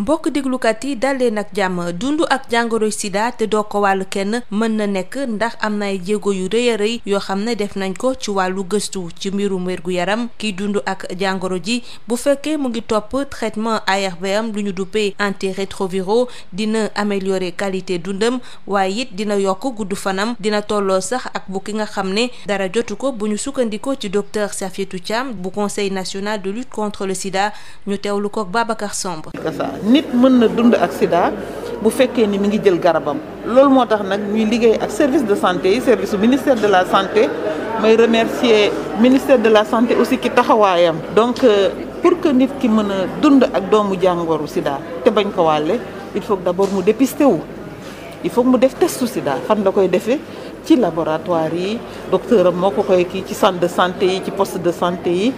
mbokk déglukat yi dalee nag jàmm dund ak jàngoro sida te doo ko wàllu kenn mën na nekk ndax am na ay jéego yu rëy rëy yoo xam ne def nañ ko ci wàllu gëstu ci mbirum wérgu yaram kiy dund ak jàngoro ji bu fekkee mu ngi topp traitement ARV am lu ñu duppee antirétroviraux dina améliorer qualité dundam waaye it dina yokk gudd fanam dina tolloo sax ak bu ki nga xam ne dara jotu ko bu ñu sukkandikoo ci docteur Safietou Thiam bu conseil national de lutte contre sida ñu teewlu ko Babacar Somb nit mën na dund ak sida bu fekkee ni mu ngi jël garabam loolu moo tax nag muy liggéey ak service de santé yi service ministère de la santé may remercier ministère de la santé aussi ki taxawaayam donc euh, pour que nit ki mën a dund ak doomu jàngooru sida te bañ ko wàlle il faut d'abord mu dépister wu il faut mu def testu sida fan la koy defee ci laboratoire yi docteur am moo ko koy kii ci centre de santé yi ci poste de santé yi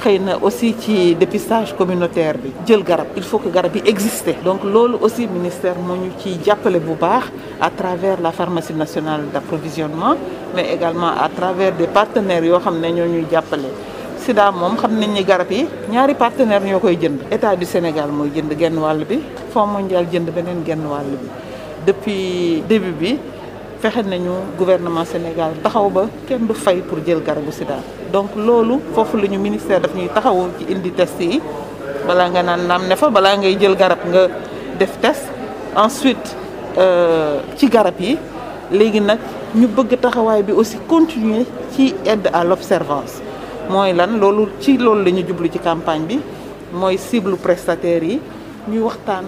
xëy na aussi ci dépistage communautaire bi jël garab il faut que garab yi existe donc loolu aussi ministère moo ñu ci jàppale bu baax à travers la pharmacie nationale d'approvisionnement mais également à travers de partenaires yoo xam ne ñoo ñuy jàppale sida moom xam nañ ñi garab yi ñaari partenaire ñoo koy jënd état du Sénégal mooy jënd genn wàll bi Fonds mondial jënd beneen genn wàll bi depuis début bi fexe nañu gouvernement Sénégal taxaw ba kenn du fay pour jël garabu sida donc loolu foofu la ñu ministère daf ñuy taxaw ci indi test yi balaa nga naan naam ne fa balaa ngay jël garab nga def test ensuite euh, ci garab yi léegi nag ñu bëgg taxawaay bi aussi continuer ci aide à l'observance mooy lan loolu ci loolu la ñu jublu ci campagne bi mooy cible prestataires yi ñuy waxtaan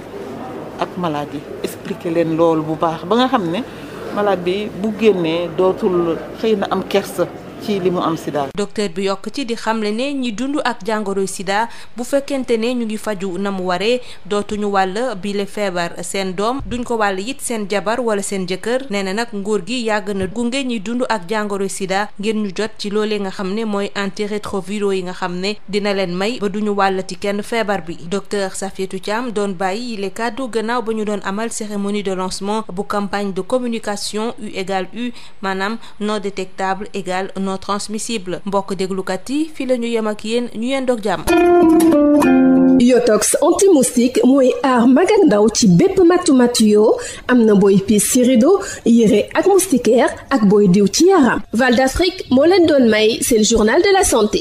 ak malade yi expliquer leen loolu bu baax ba nga xam ne malade bi bu génnee dootul xëy na am kersa ci li mu am sida. docteur bi yokk ci di xamle ne ñi dund ak jàngoro sida bu fekkente ne ñu ngi faju na mu waree dootuñu wàll bile feebar seen doom duñ ko wàll yit seen jabar wala seen jëkkër nee na nag nguur gi yàgg na gunge ñi dund ak jàngoro sida ngir ñu jot ci loolee nga xam ne mooy antirétroviraux yi nga xam ne dina leen may ba duñu ci kenn feebar bi docteur Safiatou Thiam doon bàyyi yile kàddu gannaaw ba ñu doon amal cérémonie de lancement bu campagne de communication U non transmissible mbokk déglukat yi fii la ñu yem ak yéen ñu yeen doog jàmm anti-moustique mooy aar mag ci bépp matu-matu yoo am na booy piis ci rido yére ak moustiquaire ak booy diw ci yaram Val d'Afrique moo leen doon may seen journal de la santé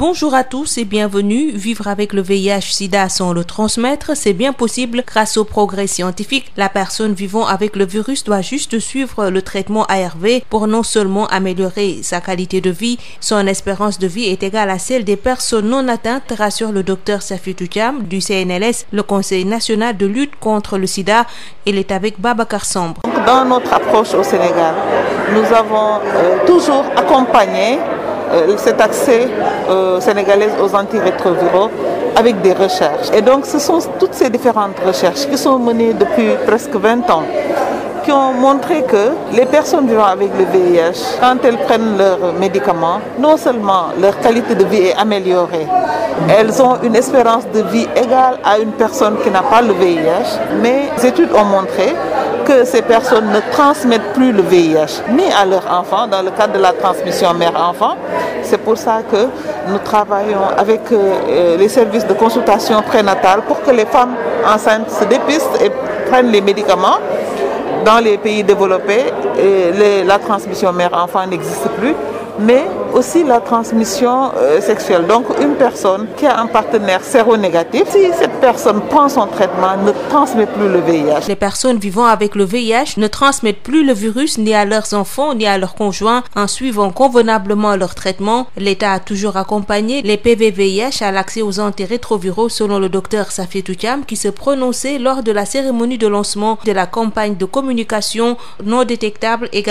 Bonjour à tous et bienvenue. Vivre avec le VIH-Sida sans le transmettre, c'est bien possible grâce au progrès scientifique. La personne vivant avec le virus doit juste suivre le traitement ARV pour non seulement améliorer sa qualité de vie, son espérance de vie est égale à celle des personnes non atteintes, rassure le docteur Safitou Thiam du CNLS, le Conseil national de lutte contre le sida. Il est avec Babacar Samb. Dans notre approche au Sénégal, Euh, cet accès euh, sénégalaise aux antirétroviraux avec des recherches. Et donc ce sont toutes ces différentes recherches qui sont menées depuis presque 20 ans qui ont montré que les personnes vivant avec le VIH, quand elles prennent leurs médicaments, non seulement leur qualité de vie est améliorée, elles ont une espérance de vie égale à une personne qui n'a pas le VIH, mais les études ont montré que ces personnes ne transmettent plus le VIH, ni à leurs enfants, dans le cadre de la transmission mère-enfant. C'est pour ça que nous travaillons avec euh, euh, les services de consultation prénatale pour que les femmes enceintes se dépistent et prennent les médicaments dans les pays développés, et les, la transmission mère-enfant n'existe plus. mais aussi la transmission euh, sexuelle. Donc une personne qui a un partenaire séronégatif, si cette personne prend son traitement, ne transmet le VIH. Les personnes vivant avec le VIH ne transmettent plus le virus ni à leurs enfants ni à leurs conjoints en suivant convenablement leur traitement. L'État a toujours accompagné les PVVIH à l'accès aux antirétroviraux selon le docteur Safietou Thiam qui se prononçait lors de la cérémonie de lancement de la campagne de communication non détectable égale